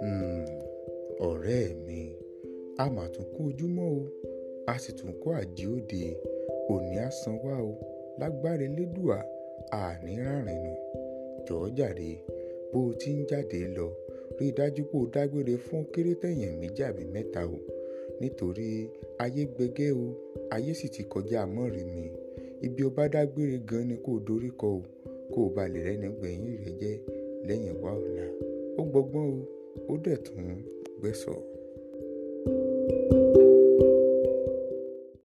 Hmm, ọ̀rẹ́ mi a mà tún kú ojúmọ́ o a sì tún kó àjí òde òní á san wá o lágbára elédùà àní rárìnà jọ̀ọ́ jàre bó o ti ń jáde lọ rí dájú pé o dágbére fún kérétẹ̀yìn méjì àbí mẹ́ta o nítorí ayé gbẹgẹ́ o ayé sì ti kọjá mọ́rin mi ibi o bá dágbére gan ni kó dorí kọ o. kó o bá lè rẹ́ni gbẹ̀yìn rẹ̀ jẹ́ lẹ́yìn wá ọ̀la ó gbọ́gbọ́n o ó dẹ̀ tún